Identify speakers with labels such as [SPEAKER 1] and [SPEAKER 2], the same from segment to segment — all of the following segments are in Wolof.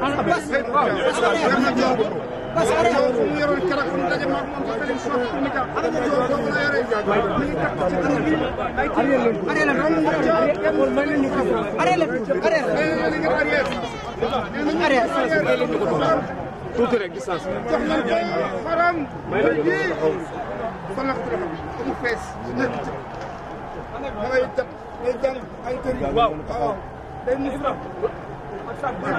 [SPEAKER 1] parce que yow fu mu yoroon keroog fu mu daje maag moom ci télévision bi ni ka ala ñu jox doomu la yore mi ngi takk ci xale bi ay tiir arrêté la doomu nga ci yemul may leen ñu ko arrêté la arrêté la li nga arrêté ñu ñu arrêté sa su leen ñu ko tuuti rek distance jox nañ ko faram may leen ñu ko fa la ko mu fees nekk ci da ngay jàpp ngay jàng ay kër yi waaw day mu waaye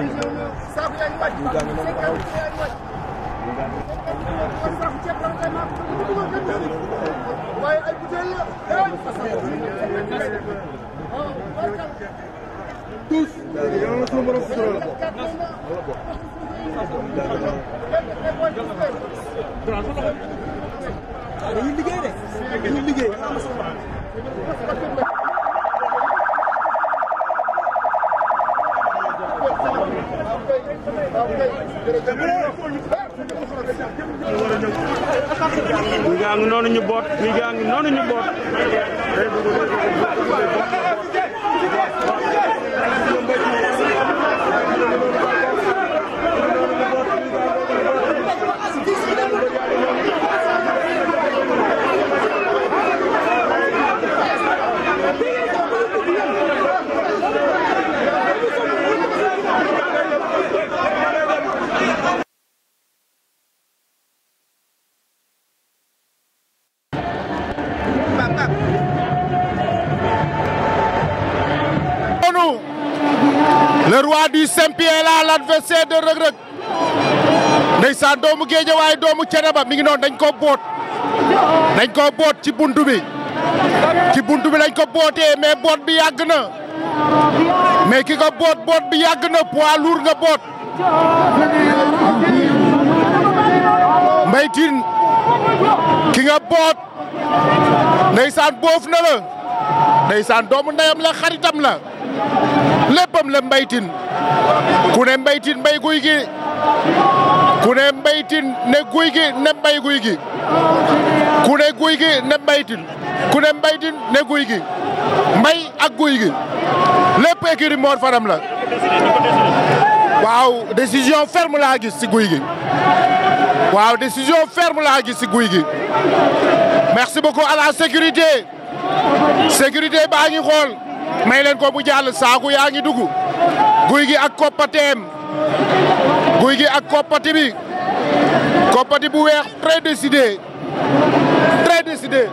[SPEAKER 1] ay butéel la tous yàlla sunu borom sutural dañuy liggéey de dañuy liggéey ñi gaa ngi noonu ñu boot ñi gaa ngi noonu ñu boot
[SPEAKER 2] Saint-Pierre la l'adversaire de Reug Reug ndeysaan doomu waaye doomu Ceneba mi ngi noonu dañ koo boot nañ ko boot ci buntu bi ci buntu bi lañ ko bootee mais boot bi yàgg na mais ki ko boot boot bi yàgg na poids lourd nga boot Mbaye Tine ki nga boot ndeysaan boof na la ndeysaan doomu ndeyam la xaritam la léppam la mbaytin ku ne mbaytin mbay guy gi ku ne mbaytin ne guy gi ne mbay guy gi ku ne guy gi ne mbaytin ku ne mbaytin ne guy gi mbay ak guy gi lépp écurie Mor la waaw décision ferme laa gis ci guy gi waaw décision ferme laa gis ci guy gi merci beaucoup à la sécurité sécurité baa ngi xool may leen ko bu jàll saaku yaa ngi dugg guy gi ak koppateem guy gi ak koppati bi koppati bu weex très décidé très décidé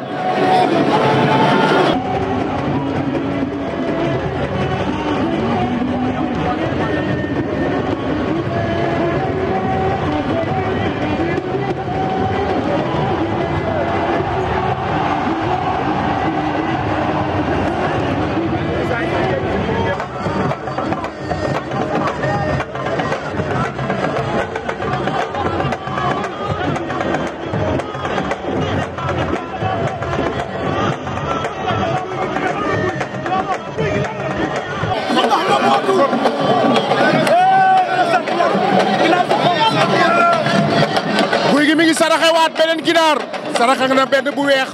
[SPEAKER 2] saraxe waat beneen ginaar saraxe na benn bu weex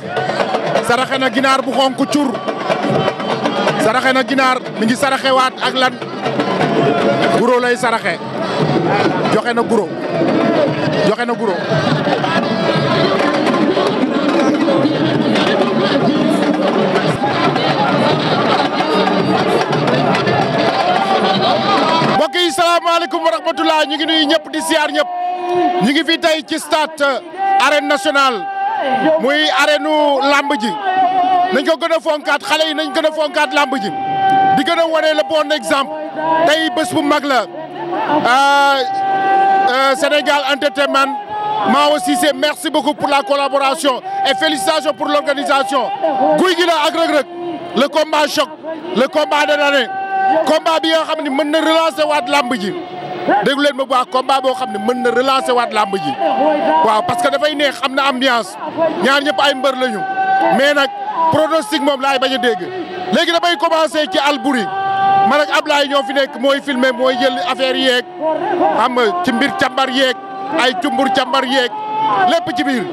[SPEAKER 2] saraxe na ginaar bu xonq cuur saraxe na ginaar mi ngi saraxe waat ak lan guro lay saraxe joxe na guro joxe na guro mbokk yi salaamaaleykum wa rahmatulah ñu ngi nuyu ñëpp di siyaar ñëpp ñi ngi fi tey ci stade arène nationale muy arènu làmb ji nañ ko gën fonkaat xale yi nañ gën a fonkaat làmb ji di gën a wane le bon exemple tey bés bu mag la ah, euh, Sénégal Entertainment maa aussi c'est merci beaucoup pour la collaboration et félicitations pour l'organisation guy gi la ak Reug Reug le combat choc le combat de l'année combat bi nga xam ne mën na relancer waat làmb ji déglu leen ma bu baax combat boo xam ne mën na relancer waat làmb ji waaw parce que dafay neex am na ambiance ñaar ñëpp ay mbër lañu mais nag pronostic moom laay bañ a dégg léegi damay commencer ci Albouri man ak Ablaye ñoo fi nekk mooy filmer mooy jël affaire yeeg xam nga ci mbir cambar yeeg ay cumbur càmbar yeeg lépp ci biir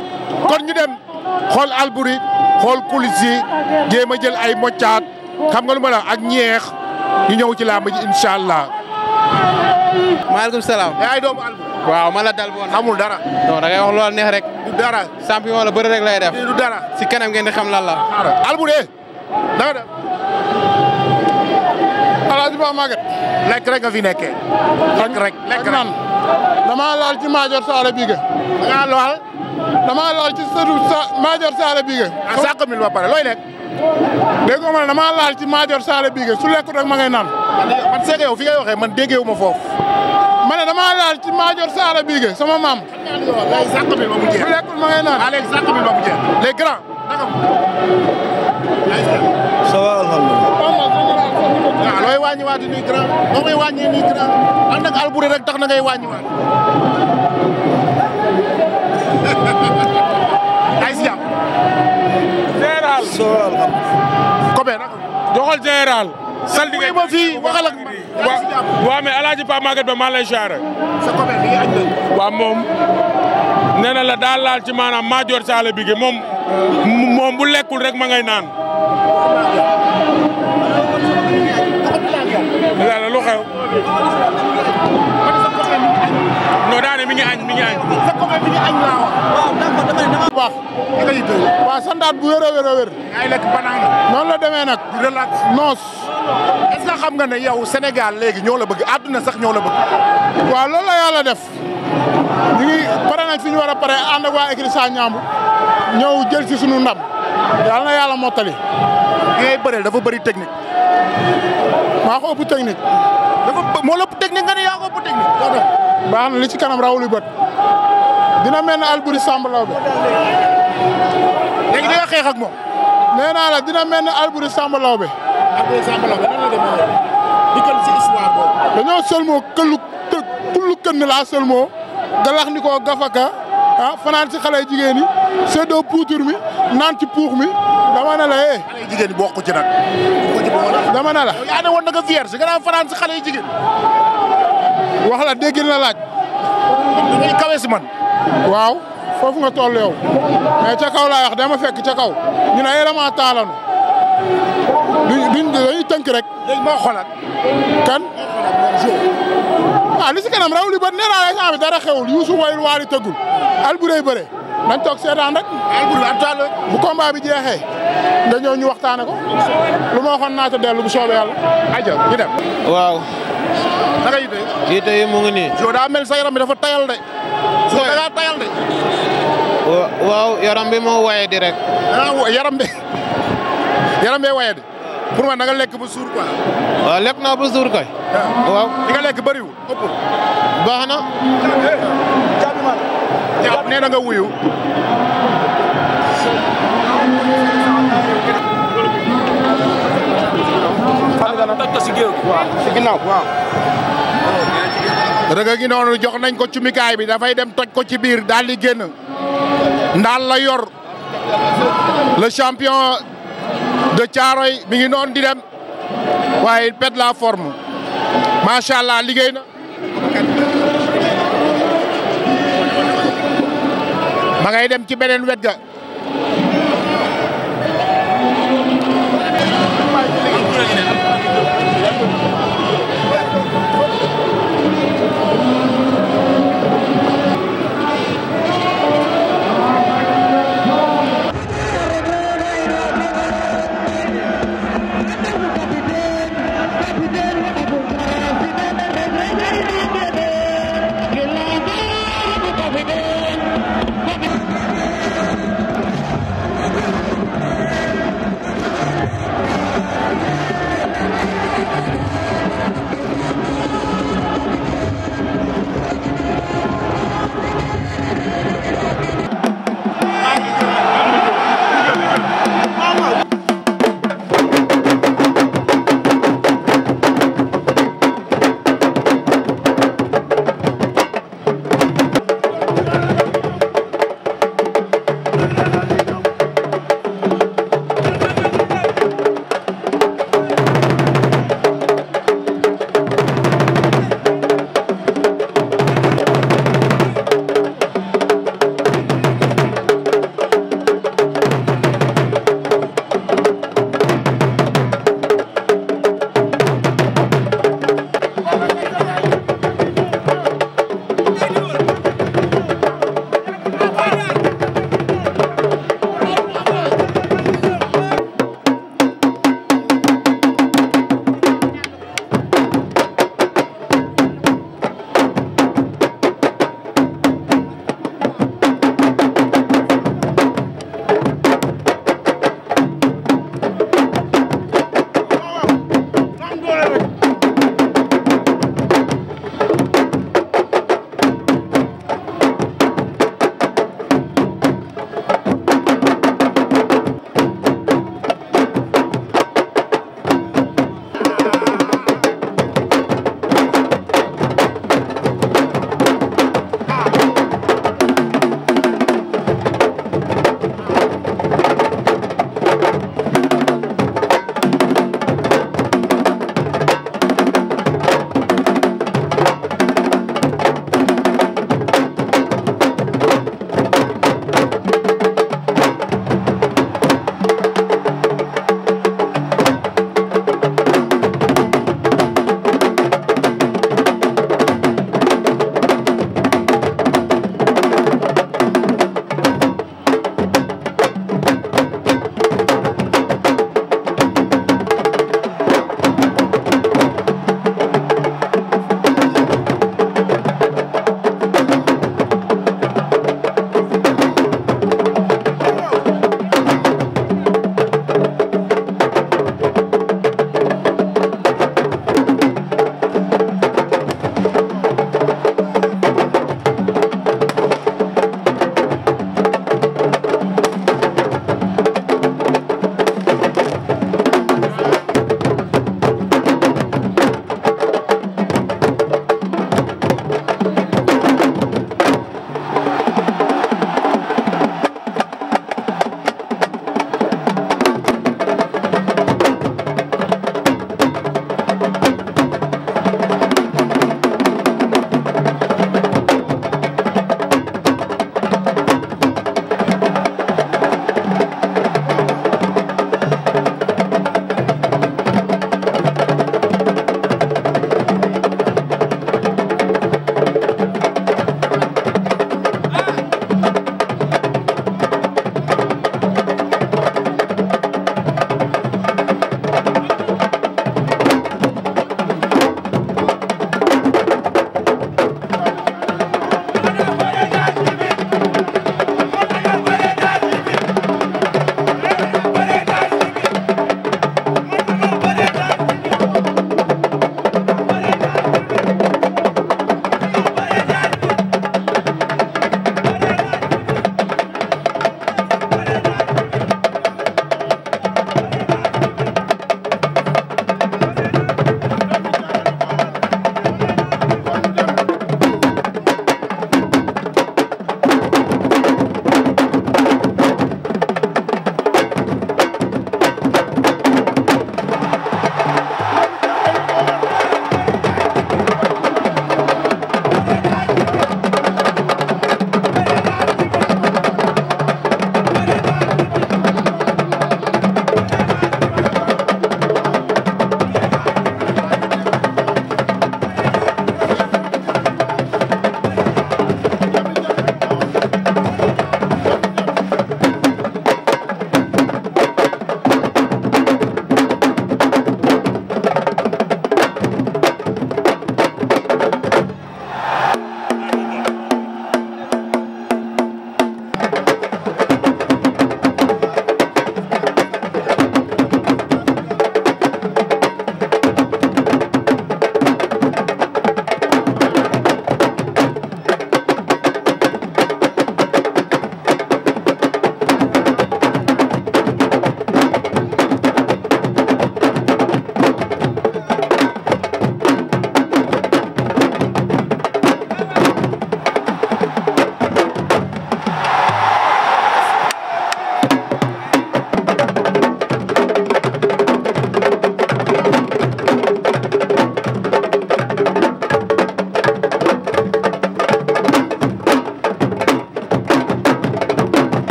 [SPEAKER 2] kon ñu dem xool Albouri xool coulisses jéem a jël ay moccaat xam nga lu ma la ak ñeex ñu ñëw ci làmb ji allah maaleykum salaam. yaay doomu Albu. waaw man la dal boon amul dara. non da ngay wax loolu neex rek. du dara. champion la bëri rek lay def. du dara. si kanam ngeen di xam lan la. Albu de da nga def. alaaji ba magat lekk rek nga fi nekk lekk rek lekk rek damaa laal ci Madior Saala Bigue. da ngaa laal. damaa laal ci sëtu sa Madior Saala Bigue. Ah, ba pare looy nekk. dégg nga man damaa laal ci Madior Salé Bigué su lekkut rek ma ngay naan parce que yow fi ngay waxee man déggee ma foofu ma ne damaa laal ci Madior Salé Bigué sama maam. léegi sàq bi ba mu jeex. su lekkul ma ngay naan waaw léegi sàq bi ba mu grand boo koy wàññee nii rek tax na ngay alhamdulilah. Kopé nag. doxal général. saltige ma fii waxal ak waaw Ba maa lay sa Kopé bi nga waaw moom nee na la daal ci maanaam maa joor saala bi moom moom bu lekkul rek ma ngay naan. mi ngi añ mi bu wér a wér a wér. ay lekk banaan. noonu la demee nag. di noos. est xam nga ne yow Sénégal léegi ñoo la bëgg àdduna sax ñoo la bëgg. waaw loolu la yàlla def ñu pare nañ fi war a pare ànd ak waa écrit sa ñaambu ñëw jël si sunu ndam yàlla na yàlla mottali. ngay bëreel dafa bëri technique. maa ko technique. moo la nga ne yaa ko bu li ci kanam rawuli bët dina mel ne Alboury Samb Lawbe. léegi di nga xeex nee naa la dina mel ne Alboury Samb Lawbe.
[SPEAKER 1] Alboury Samb Lawbe nan la demee dikkal
[SPEAKER 2] ci këllu të kullu galax ni ko gafaka ah, fanaan ci xale jigéen ñi. séddoo puutur mi naan ci puux mi dama ne la eh. xale yu jigéen bokk ci nag. dama ne la. yaa ne woon na nga vierge nga naan fanaan si xale yu jigéen. wax la dégg na laaj. waaw foofu nga toll yow mais ca kaw laa wax dama fekk ca kaw ñu ne élément eh, taalanu duñ duñ dañuy tënk rek. léegi moo xoolal. kan. ah li si kanam raw li dara xewul Youssou wayul waali tëggul al bu nañ toog seetaan rek. bu combat bi jeexee nga ñëw waxtaane ko lu ma waxoon naa ca bu soobee yàlla waaw. naka yite. yi mu ngi nii. yow daa mel sa yaram bi dafa tayal de. sooy da ngaa tayal de. waaw yaram bi moo waye di rek. yaram bi yaram bee waye di. pour man da lekk ba suur quoi. waaw lekk ah. nga lekk bëriwul baax na. Eh, yow nee na nga wuyu. waaw a ngi noonu jox nañ ko cumikaay bi dafay dem toj ko ci biir daal di génn. ndaal la yor le champion de Thiaroye mi ngi noonu di dem waaye il pète la forme macha liggéey na. ngay dem ci beneen wet ga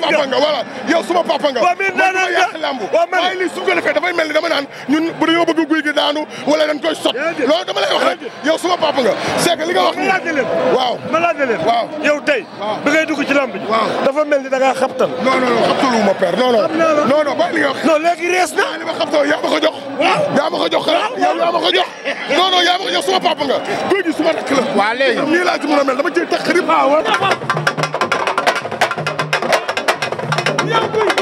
[SPEAKER 1] papa nga voilà yow suma papa nga man ma yàq lamb waaye lii su ko defee dafay mel ni dama naan ñun bu dañoo bëgg guy gi daanu wala dañ koy sot loolu dama lay wax rek yow suma papa nga c'est wax nii waaw ma laaj bi ngay dugg ci lamb ji dafa mel ni da ngaa xabtal non non non xabtalu ma père non non non non ba li nga wax non léegi rees na li ma xabtal yaa ma ko jox
[SPEAKER 2] yaa ma ko jox xanaa yow yaa ma ko jox
[SPEAKER 1] non suma papa guy gi suma rakk la
[SPEAKER 2] waaw léegi nii laa ci mën a mel dama ciy ñëpp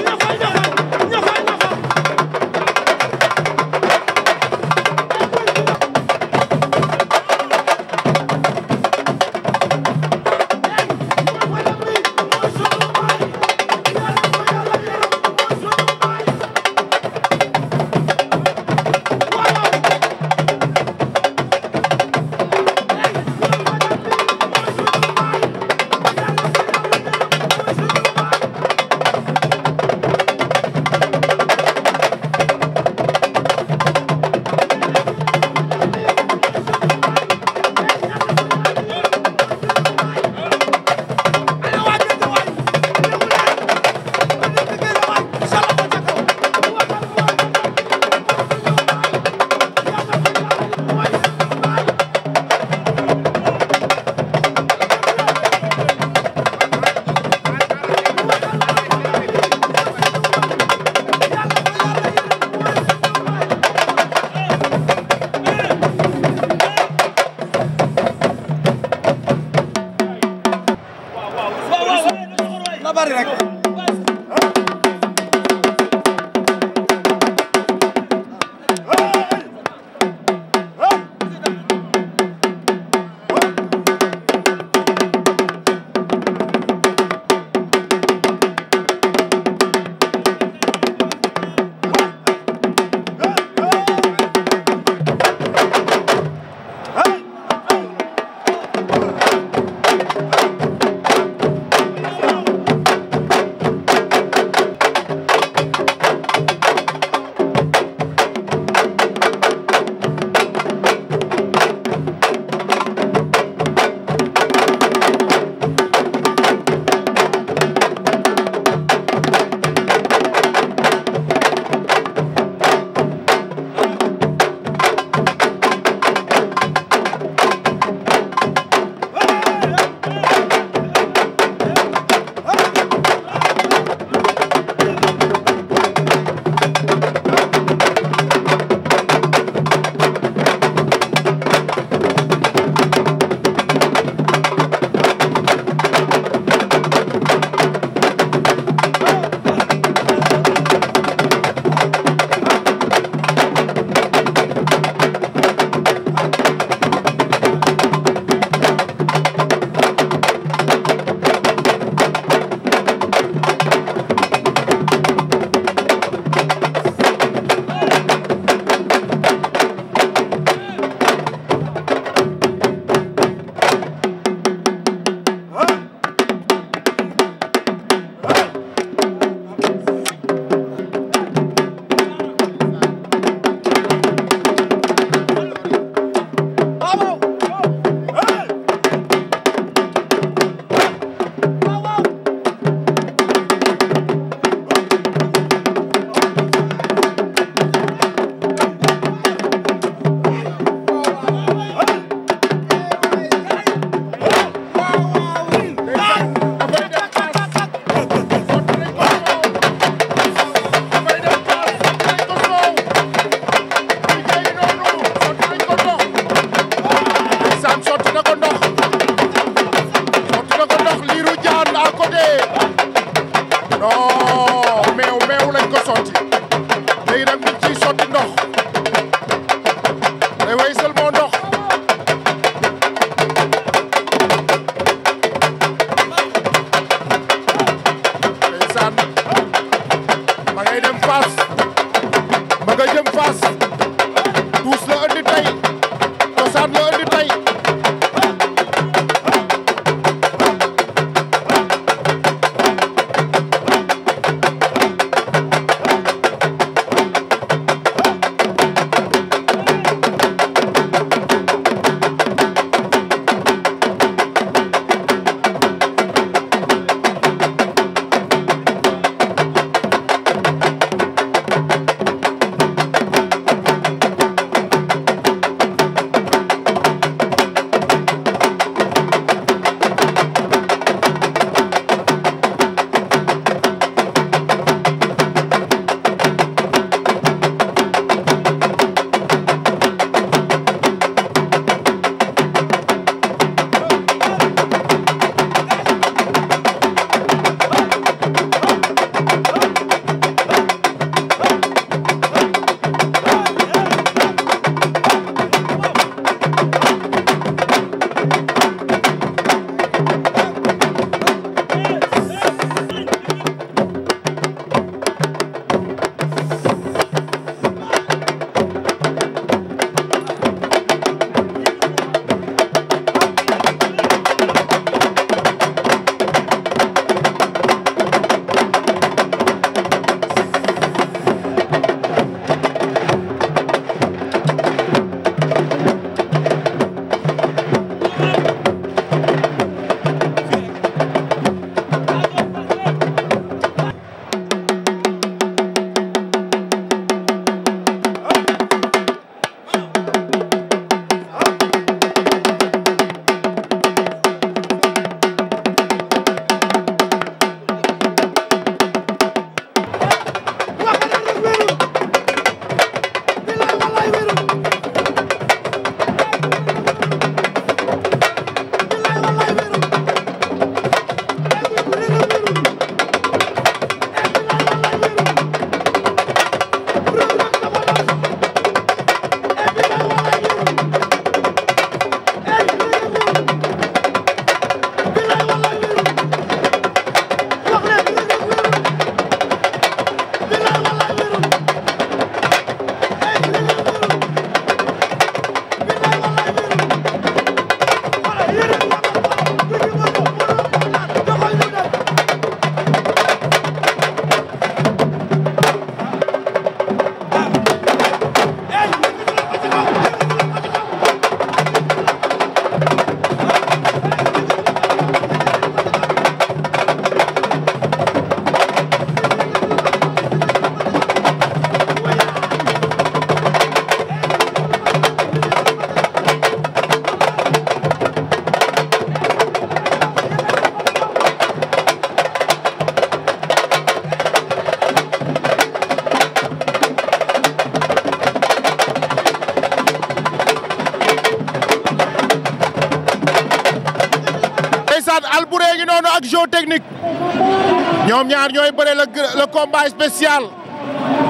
[SPEAKER 2] bëre le le combat spécial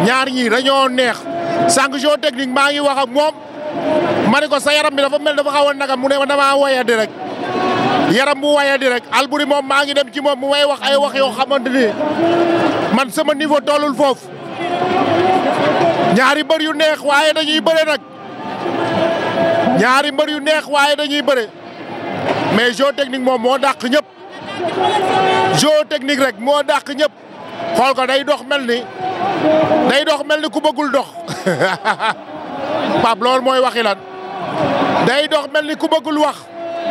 [SPEAKER 2] ñaar ñii dañoo neex sànq jo technique maa ngi wax ak moom ma ne ko sa yaram bi dafa mel dafa xaw a nagam mu neex ma damaa wayadi rek yaram mu wayadi rek Alboury moom maa ngi dem ci moom mu may wax ay wax yoo xamante ni man sama niveau tollul foofu ñaari bër yu neex waaye dañuy bëre nag ñaari mbër yu neex waaye dañuy bëre mais technique moom moo dàq ñëpp géotechnique rek moo dàq ñëpp xool ko day dox mel ni day dox mel ni ku bagul dox Pape loolu mooy waxi lan day dox mel ni ku bagul wax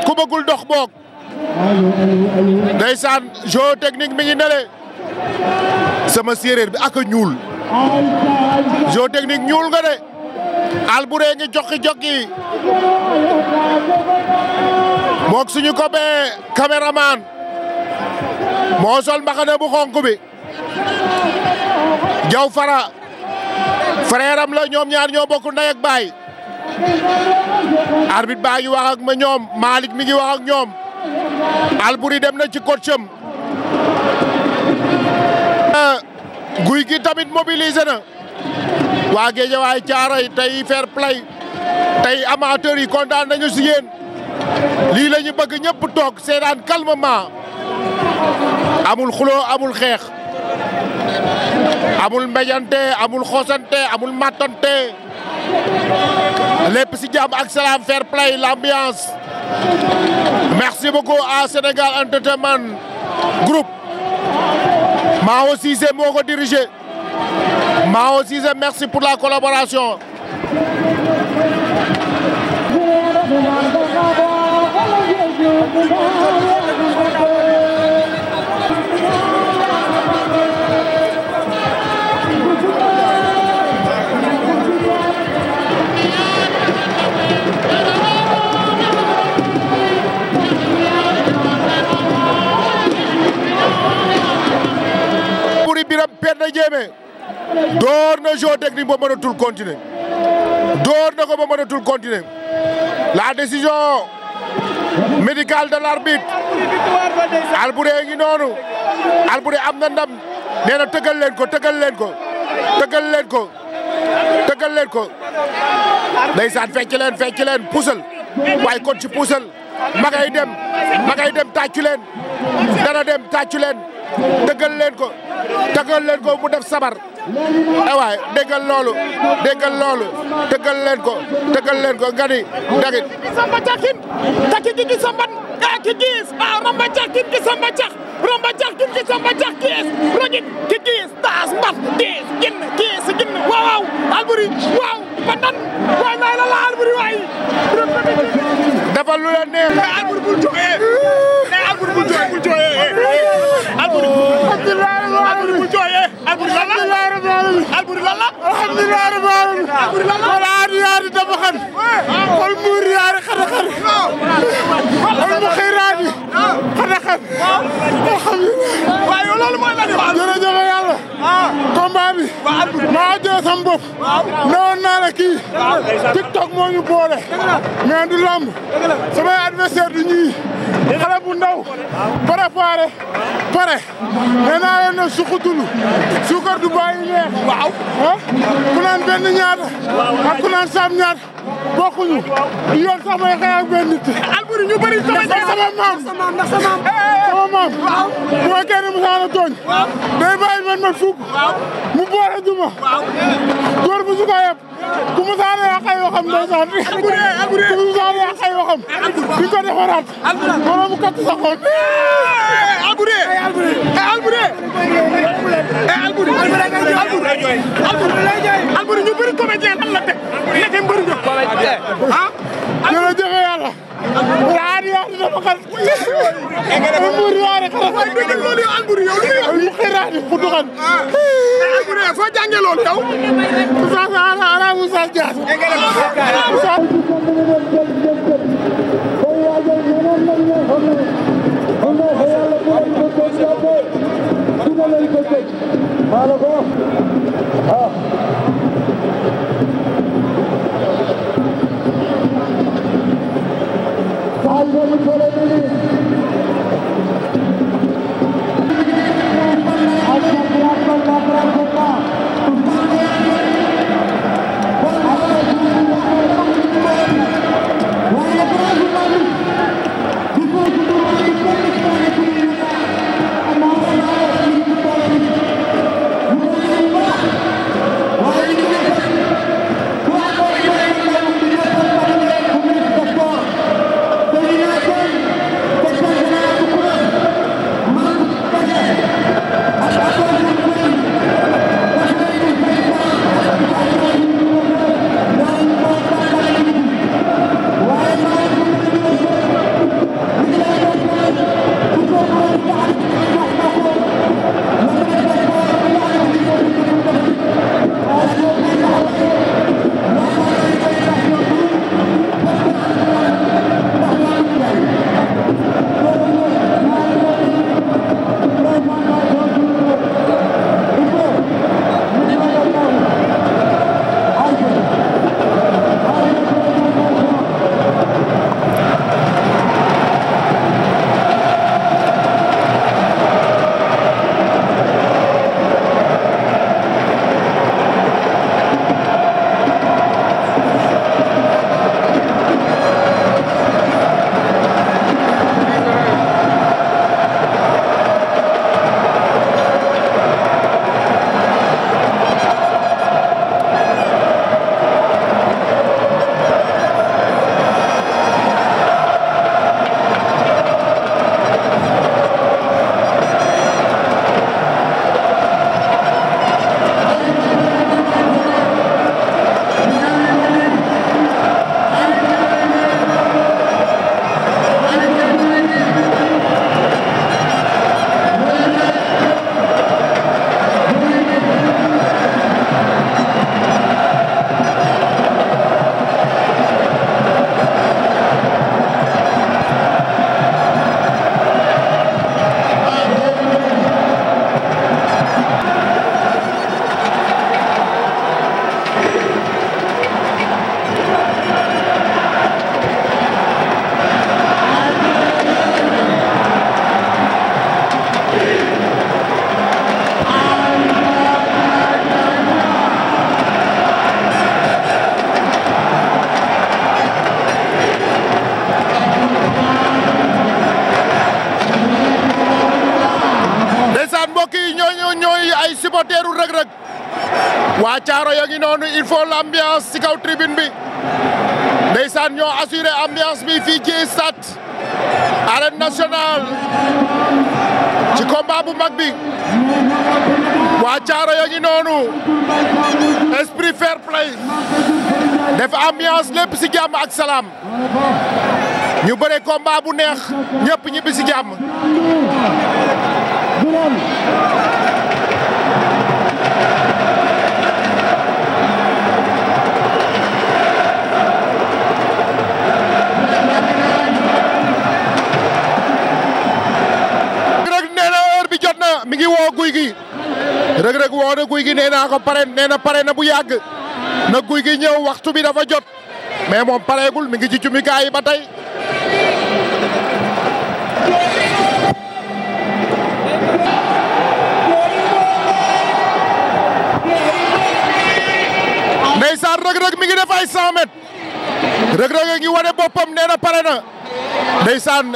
[SPEAKER 2] ku bëggul dox boog ndeysaan géotechnique mi ngi nele sama séeréer bi ak a ñuul géotechnique ñuul nga de alburee ngi jokki jokki mook suñu ko bee caméraman moo sol mbaxana bu xonk bi jaw fara frère la ñoom ñaar ñoo bokk ndey ak baay arbitre baa ngi wax ma ñoom Malick mi ngi wax ak ñoom Alboury dem na ci coacham eh, guy gi tamit mobilisé na waa Géejawaay Caaroy tey fair play tey amateur yi kontaan nañu si yéen lii la ñu bëgg ñëpp toog seetaan calmement amul xuloo amul xeex amul mbéjante amul xoosante amul mattante lépp si jàmm ak salaam fair play l'ambiance merci beaucoup à Sénégal Entertainment Group Mao Cissé moo ko dirigé Mao Cissé merci pour la collaboration na jéeme door na géotechnique ba mënatul continuer door na ko ba mënatul continuer la décision médicale de l'arbitre Alboury ngi noonu Alboury am na ndam nee na tëggal leen ko tëggal leen ko tëggal leen ko tëggal leen ko ndeysaan fecc leen fecc leen puusal waaye kon ci ma ngay dem ma ngay dem tàccu leen dana dem tàccu leen dëggal leen ko tëggal leen ko mu def sabar awaay eh déggal loolu déggal loolu tëggal leen ko tëggal leen ko nga ni dagit samba cakin taki gi gi samban a ki gis a ramba cakin gi samba cax romba cax gin ci samba cax kiis rogit ki
[SPEAKER 1] kiis taas mbat kiis gin kiis gin waaw waaw waaw ba nan la la Alboury waay dafa lu la neex Alboury bul jooyee Alboury bul jooyee bul jooyee Alboury alhamdulilah rabbil alamin alhamdulilah alhamdulilah rabbil alamin wala yaari tabaxan wal muur yaari xanaxan wal mu xiraani xanaxan alhamdulilah waaye loolu mooy la wax jërëjëf yàlla combat bi maa jëlee sama bopp newoon naa la kii
[SPEAKER 2] TikTok moo ñu boole mais du lamb samay adversaire du ñuy xale bu ndaw préparé pare nee naa leen ne suqutulu sukar du booy yu benn ñaata. ak ku
[SPEAKER 1] saam ñaata bokkuñu. yoon sax may xeex ak benn nit. Alboury ñu bëri sama maam sama maam. moom. waaw bu ma mu saana tooñ. waaw day bàyyi fukk. mu boole duma. waaw door bu su ku mu saana yàq ay waxam ndeysaan. ku mu saana waxam. di ko defaraat. wala mu kat sa xol. Alboury Alboury Alboury Alboury ñu bëri comédien yaari dafa xas. alburi yaari xas. waaye dégg nga loolu yow alburi yow lu muy wax. mu xiraani ku duxan. alburi yow foo jàngee loolu yow. Oustaz Ara Ara Oustaz Dia. Oustaz. Kalbamı kalabilir.
[SPEAKER 2] faut l'ambiance ci kaw tribune bi ndeysaan ñoo assuré ambiance bi fii ci sat arène nationale ci combat bu mag bi waa caaro yo ngi noonu esprit fair play def ambiance lépp ci jàmm ak salaam ñu bëre combat bu neex ñëpp ñibbi ci jàmm woo na guy naa ko pare na pare na bu yàgg na guy waxtu bi dafa jot mais moom pareegul mi ngi ci cumikaay yi ba tey. ndeysaan rëg-rëg mi ngi def ay 100 mètres rëg-rëg a ngi wane boppam nee pare na ndeysaan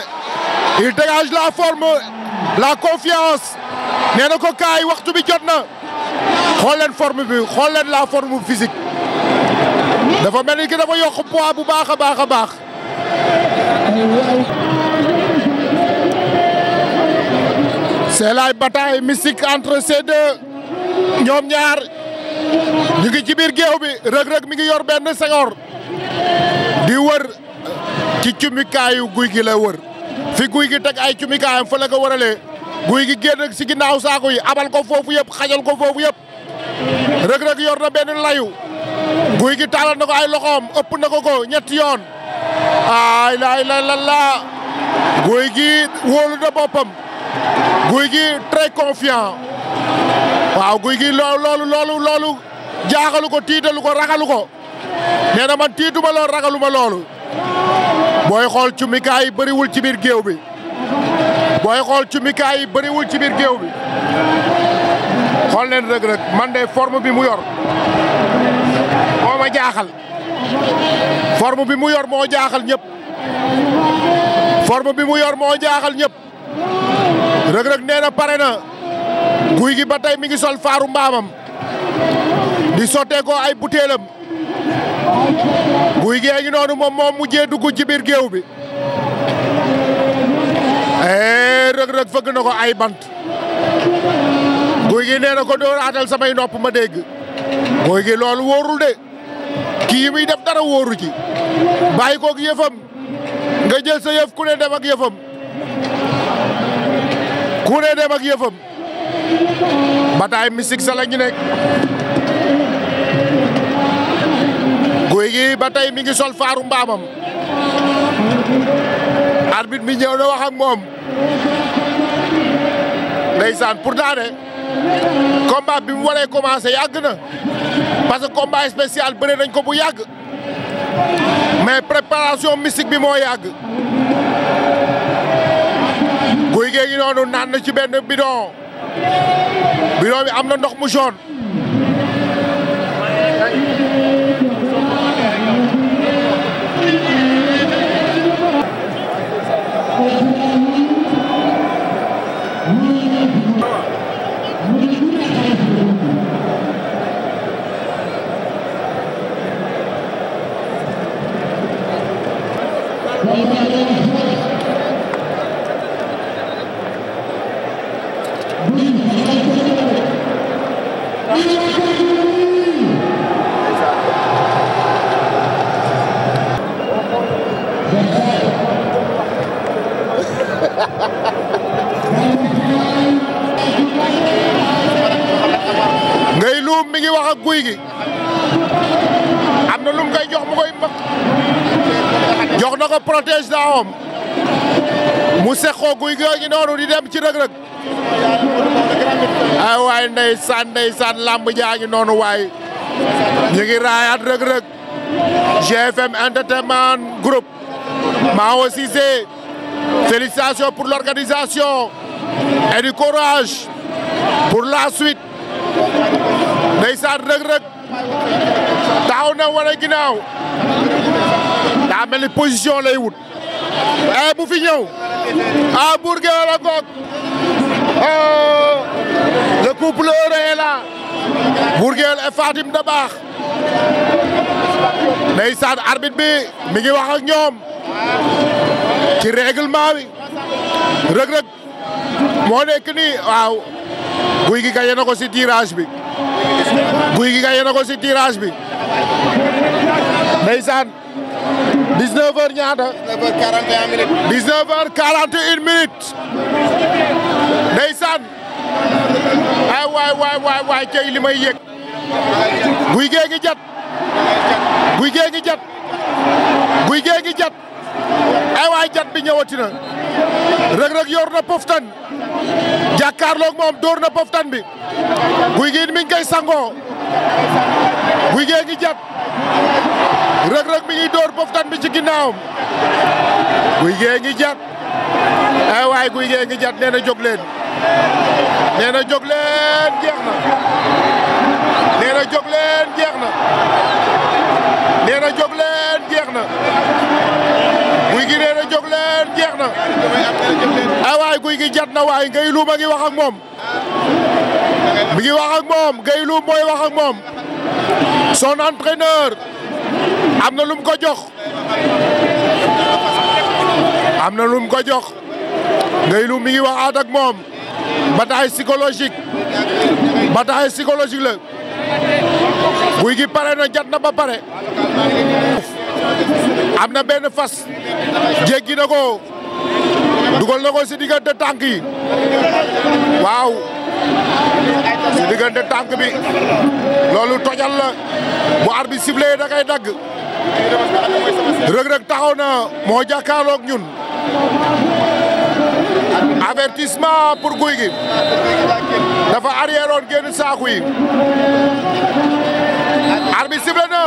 [SPEAKER 2] il dégage la forme la confiance nee na ko kaay waxtu bi jot na. xool leen forme bi xool leen la forme fisik dafa mel ni ki dafa yokk poids bu baax a baax a baax. c'est la bataille mystique entre ces deux ñoom ñaar ñu ngi ci biir géew bi rëg-rëg mi ngi yor benn sengoor di wër ci cumikaayu guy gi lay wër fi guy gi teg ay cumikaayam fa la ko waralee guy gi génn si ginnaaw saako yi abal ko foofu yëpp xajal ko foofu yëpp Reug Reug yor na benn layu guy gi taalal na ko ay loxoom ëpp na ko ko ñetti yoon ay laay la la la guy gi wóolu boppam guy gi très confiant waaw guy gi loolu loolu loolu jaaxalu ko tiitalu ko ragalu ko nee na man tiituma loolu ragaluma loolu booy xool cumikaay yi bariwul ci biir géew bi booy xool cumikaay yi bariwul ci biir géew bi xool leen Reug Reug man de forme bi mu yor moo ma jaaxal forme bi mu yor moo jaaxal ñépp forme bi mu yor moo jaaxal ñépp Reug Reug nee na pare na guy gi ba tey mi ngi sol faaru mbaamam di sotteekoo ay butéelam guy gi ngi noonu moom moom mujjee dugg ci biir géew bi eh, Reug Reug fëgg na ko ay bant guy gi nee na ko dóor aatal samay nopp ma dégg guy gi loolu wóorul de kii muy def dara wóoru ci bàyyi koog yëfam nga jël sa yëf ku ne dem ak yëfam ku ne dem ak yëfam bataay mystique sa ñu nekk guy gi ba tey mi ngi sol faaru mbaamam arbitre mi ñëw na wax ak moom ndeysaan pour daane combat bi mu waree commencé yàgg na parce que combat spécial bëre nañ ko bu yàgg mais préparation mystique bi moo yàgg guy gée ngi noonu naan na ci benn bidon bidon bi am na ndox mu jaune Diouf wax ak guy gi na lum koy jox mu koy mbëkk jox mu seqoo guy gi ngi noonu di dem ci rëg-rëg ay waay ndeysaan ndeysaan làmb jaa noonu waay ñu ngi raayaat rëg GFM Entertainment Group Mao Cissé félicitations pour l'organisation et du courage pour la suite ndeysaan rëg rëg taxaw na wala ginnaaw daa mel ni position lay wut ee eh, bu fi ñëw ah, a bourge wala goog oh, le couple heureux est là Bourguel et Fatim da baax ndeysaan arbitre bi mi ngi wax ak ñoom ci règlement bi rëg-rëg moo nekk nii waaw guy gi gañe na ko si tirage bi guy gi gañe na ko si tirage bi ndeysaan 19 heures ñaata 19 heures 41 minutes 19 heures 41 minutes ndeysaan ay waay waay waay waay cey li may yëg guy gee ngi jat guy gee ngi jat guy gee ngi jat ay eh waay jat bi ñëwati na rëg-rëg yor na poftan jàkkaarloog moom dóor na poftan bi guy gi mi ngi koy sangoo guy gee ngi jat rëg-rëg mi ngi poftan bi ci ginnaawam guy gee ngi jat ay eh waay guy gee ngi jat nee na jóg leen nee na leen jeex na jóg jeex na. ay ah, waay guy gi jat na waay ngay luuma ngi wax ak moom. mi ngi wax moom ngay mooy wax ak moom. son entraîneur. am na lum ko jox. am na lum ko jox. ngay luum mi ngi wax aat ak moom. bataille psychologique. bataille psychologique la. guy gi pare na jat na ba pare. am na benn fas jéggi na ko dugal na ko si diggante tànk yi waaw si diggante tànk bi loolu tojal la bu ar bi sifflé da kay dagg rëg taxaw na moo jàkkaarloog ñun avertissement pour guy gi dafa arrière oon génn saaku yi ar bi sifflé na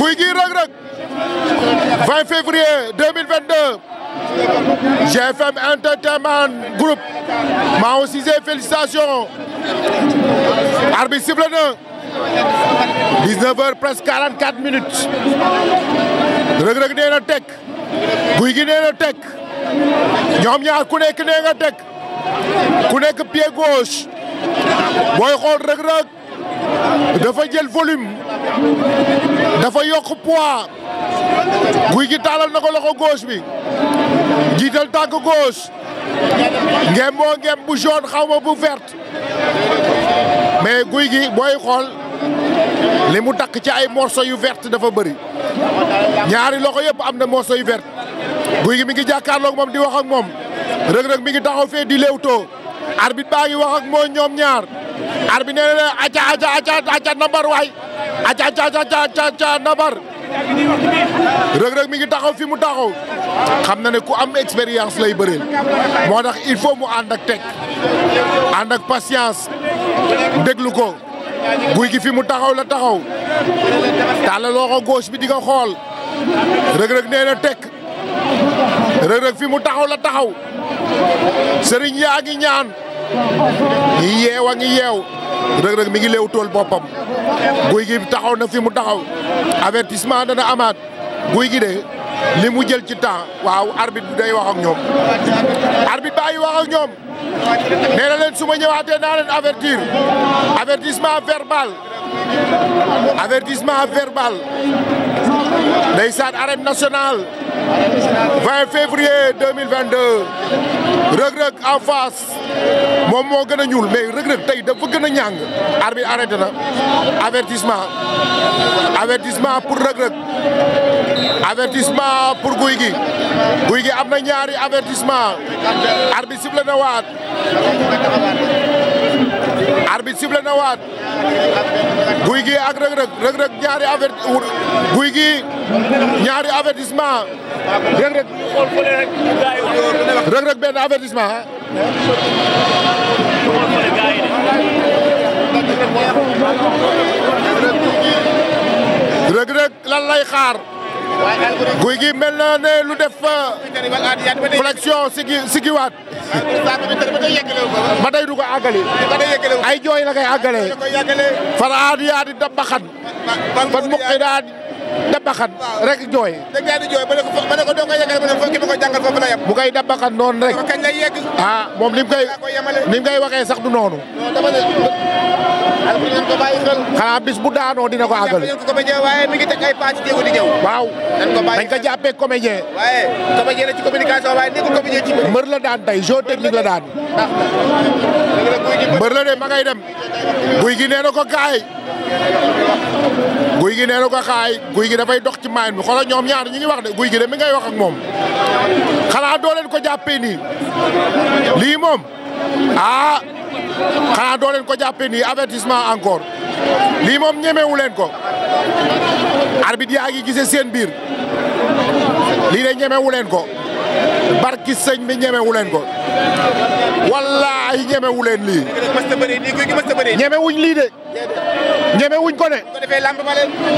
[SPEAKER 2] guy gi rëg 20 février 2022 GFM Entertainment Group Mao Cissé félicitations arbitre siffle na 19 heures presque 44 minutes Reug Reug nee na tekk Gouye Gui nee na tekk ñoom ñaar ku nekk nee nga tekk ku nekk pied gauche booy xool Reug Reug dafa jël volume dafa yokk pois guy gi taalal na ko loxo gauche bi jiital tànk gauche ngem boo ngem bu jaune xaw ma bu vert mais guy gi booy xool li mu takk ci ay morceau yu verte dafa bëri ñaari loxo yëpp am na morceau yu vert guy gi mi ngi jàkkaarloog moom di wax ak moom rëg-rëg mi ngi taxaw fee di léewtoo arbitre baa ngi wax ak moom ñoom ñaar ar bi nee na aca aca aca aca waay aca aca aca aca rëg-rëg mi ngi taxaw fi mu taxaw xam na ne ku am expérience lay bëreel moo dax il faut mu ànd ak teg ànd ak patience déglu ko guy gi fi mu taxaw la taxaw tàllal loxo bi di nga xool rëg-rëg nee na teg rëg-rëg fi mu taxaw la taxaw sëriñ yaa ngi ñaan yeew a ngi yeew Reug Reug mi ngi leew tool boppam guy gi taxaw na fi mu taxaw avertissement dana amaat guy gi de li mu jël ci temps waaw arbitre bi day wax ak ñoom arbitre baa ngi wax ak ñoom nee leen su ma ñëwaatee naa leen avertir avertissement verbal avertissement verbal ndeysaan arène nationale 20 février 2022 rëg-rëg en face moom moo gën a ñuul mais rëg-rëg tey dafa gën a ñàng arbitre arrêté na avertissement avertissement pour rëg-rëg pour guy gi guy gi am na ñaari avertissement arbitre sifflé na waat arbitre guy gi ak Reug Reug Reug ñaari aver guy gi ñaari avertissement Reug Reug lan lay xaar guy gi mel na ne lu def flexion sigi sigiwaat ba tey du ko ay jooy la koy àggale fan yaadi dabbaxan fan muqi daadi dabaxat rek jooy. da ngay di jooy ba ne ko ba ne ko bu koy dabaxat noonu rek. kañ lay yegg. Ah, moom li mu koy li mu koy waxee sax du noonu. non bis bu daanoo dina ko àggal. jàpp ko comédien waaye mi ngi teg ay pas ci jéego di waaw dañ ko jàppee comédien. waaye la ci communication waaye nekkul comédien ci biir. mbër la daan tey jeu technique la daan. mbër la de ma dem. guy gi nee na ko kaay. guy gi nee na ko kaay. guy gi dafay dox ci maayin bi xoolal ñoom ñaar ñu ngi wax de guy gi de mi ngay wax ak moom xanaa doo ko jàppee nii lii moom ah xanaa doo ko jàppee nii avertissement encore lii moom ñemewu leen ko arbitre yaa ngi gisee seen biir lii de ñemewu leen ko barki sëñ bi ñemewu leen ko wallaay ñemewu leen lii. ñemewuñ lii de ñemewuñ ko ne.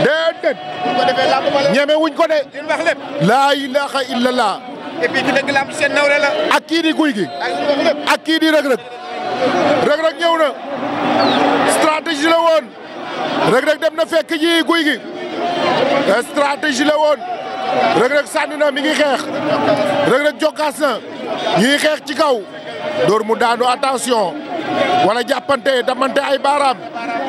[SPEAKER 2] déedéet ñeme wuñ ko de. li wax lépp. laa ilaha illallah. et la. ak guy gi. ak rëg-rëg. rëg na. stratégie la woon. rëg-rëg dem na fekk ji guy gi. stratégie la woon. rëg-rëg sànni na mi ngi xeex. rëg-rëg jokkaas na. ñuy xeex ci kaw. door mu daanu attention. wala jàppante damante ay baaraam.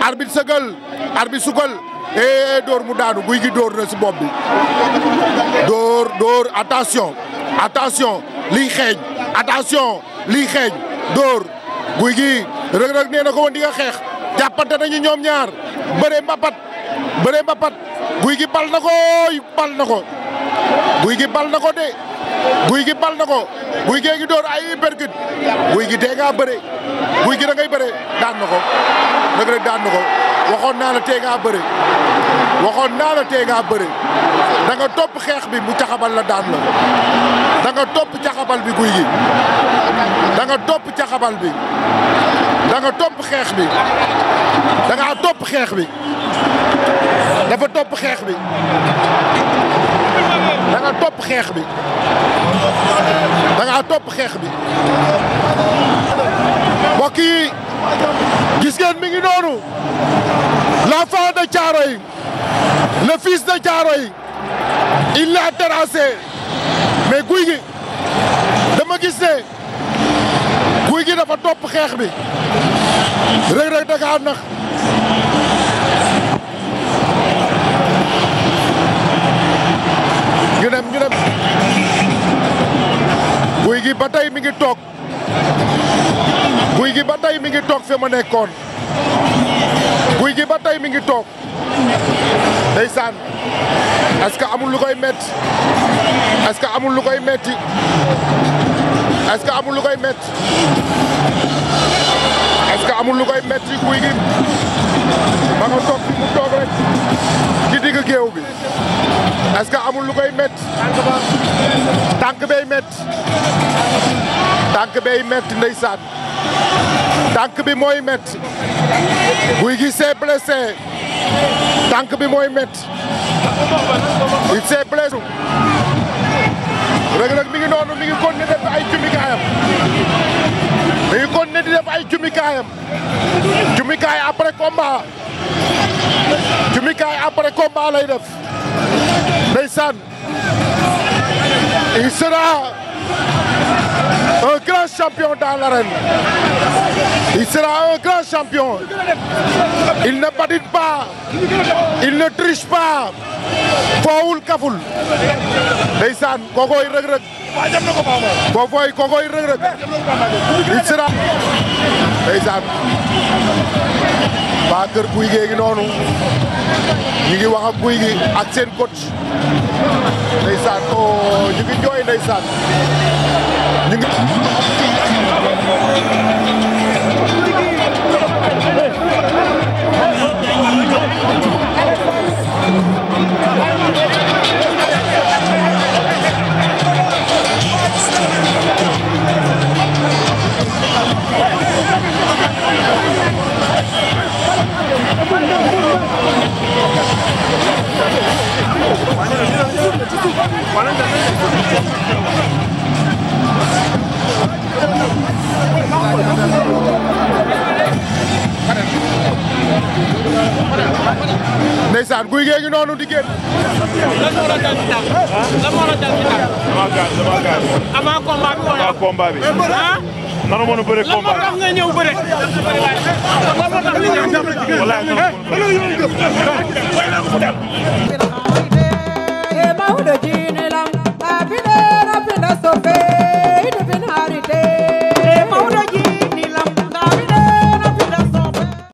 [SPEAKER 2] arbitre sëgal. arbitre sugal. ee eh, eh, door mu daanu guy gi dóor na si bopp bi door dóor attention attention liy xeeñ attention liy xeeñ dóor guy gi Reug Reug nee na ko woon nga xeex jàppante nañu ñoom ñaar bëree mbapat bëree mbapat guy gi bal na ko bal na ko guy gi bal na ko de guy gi bal na ko guy gee gi door ay uppercut guy gi tee ngaa bëre guy gi da ngay bëre daan na ko rek rek daan ko waxoon naa la tee ngaa bëre waxoon naa la tee ngaa bëre danga topp xeex bi mu caxabal la daan la danga nga topp caxabal bi guy gi danga nga topp caxabal bi danga topp xeex bi danga topp xeex bi dafa topp xeex bi da topp xeex bi da topp xeex bi mbokk yi gis ngeen mi ngi noonu l'enfant de Thiaroye le fils de Thiaroye il l'a terrassé mais guy gi dama gis ne guy gi dafa topp xeex bi Reug Reug da nax ñu dem ñu dem guy gi ba tey mi ngi toog guy gi ba tey mi ngi toog fi ma nekkoon guy gi ba tey mi ngi toog ndeysaan est-ce que amul lu koy metti est-ce que amul lu koy metti est-ce que amul lu koy metti amul lu koy metti guy gi ba nga toog mu toog rek ci digg géew bi est-ce que amul lu koy metti tànk bay metti tànk bay metti ndeysaan tànk bi mooy metti guy gi s'est blessé tànk bi mooy metti il s'est blessé rek rek mi ngi noonu mi ngi continuer def ay cumikaayam continuer di def ay jumikaayam jumikaay après combat jumikaay après lay def ndeysaan il sera un grand champion dans l'arène. Il sera un grand champion. Il ne badine pas. Il ne triche pas. foowul kaful. ndeysaan kookooy rëg-rëg. kookooy kookooy il sera ndeysaan. waa kër guy gée gi noonu ñu ngi wax ak guy gi ak seen coach ndeysaan o oh, ñu ngi jooy ndeysaan ñu ngi ndeysaan guy gee ngi noonu di génn. lan moo la dal ci tànk. lan moo la dal
[SPEAKER 1] ci tànk. damaa gaañ damaa gaañ. avant combat bi wala. avant combat bi. ah. nanu mën a bëre combat bi lan moo tax nga ñëw bëre. lan moo tax nga ñëw bëre. walaay nanu mën a bëre.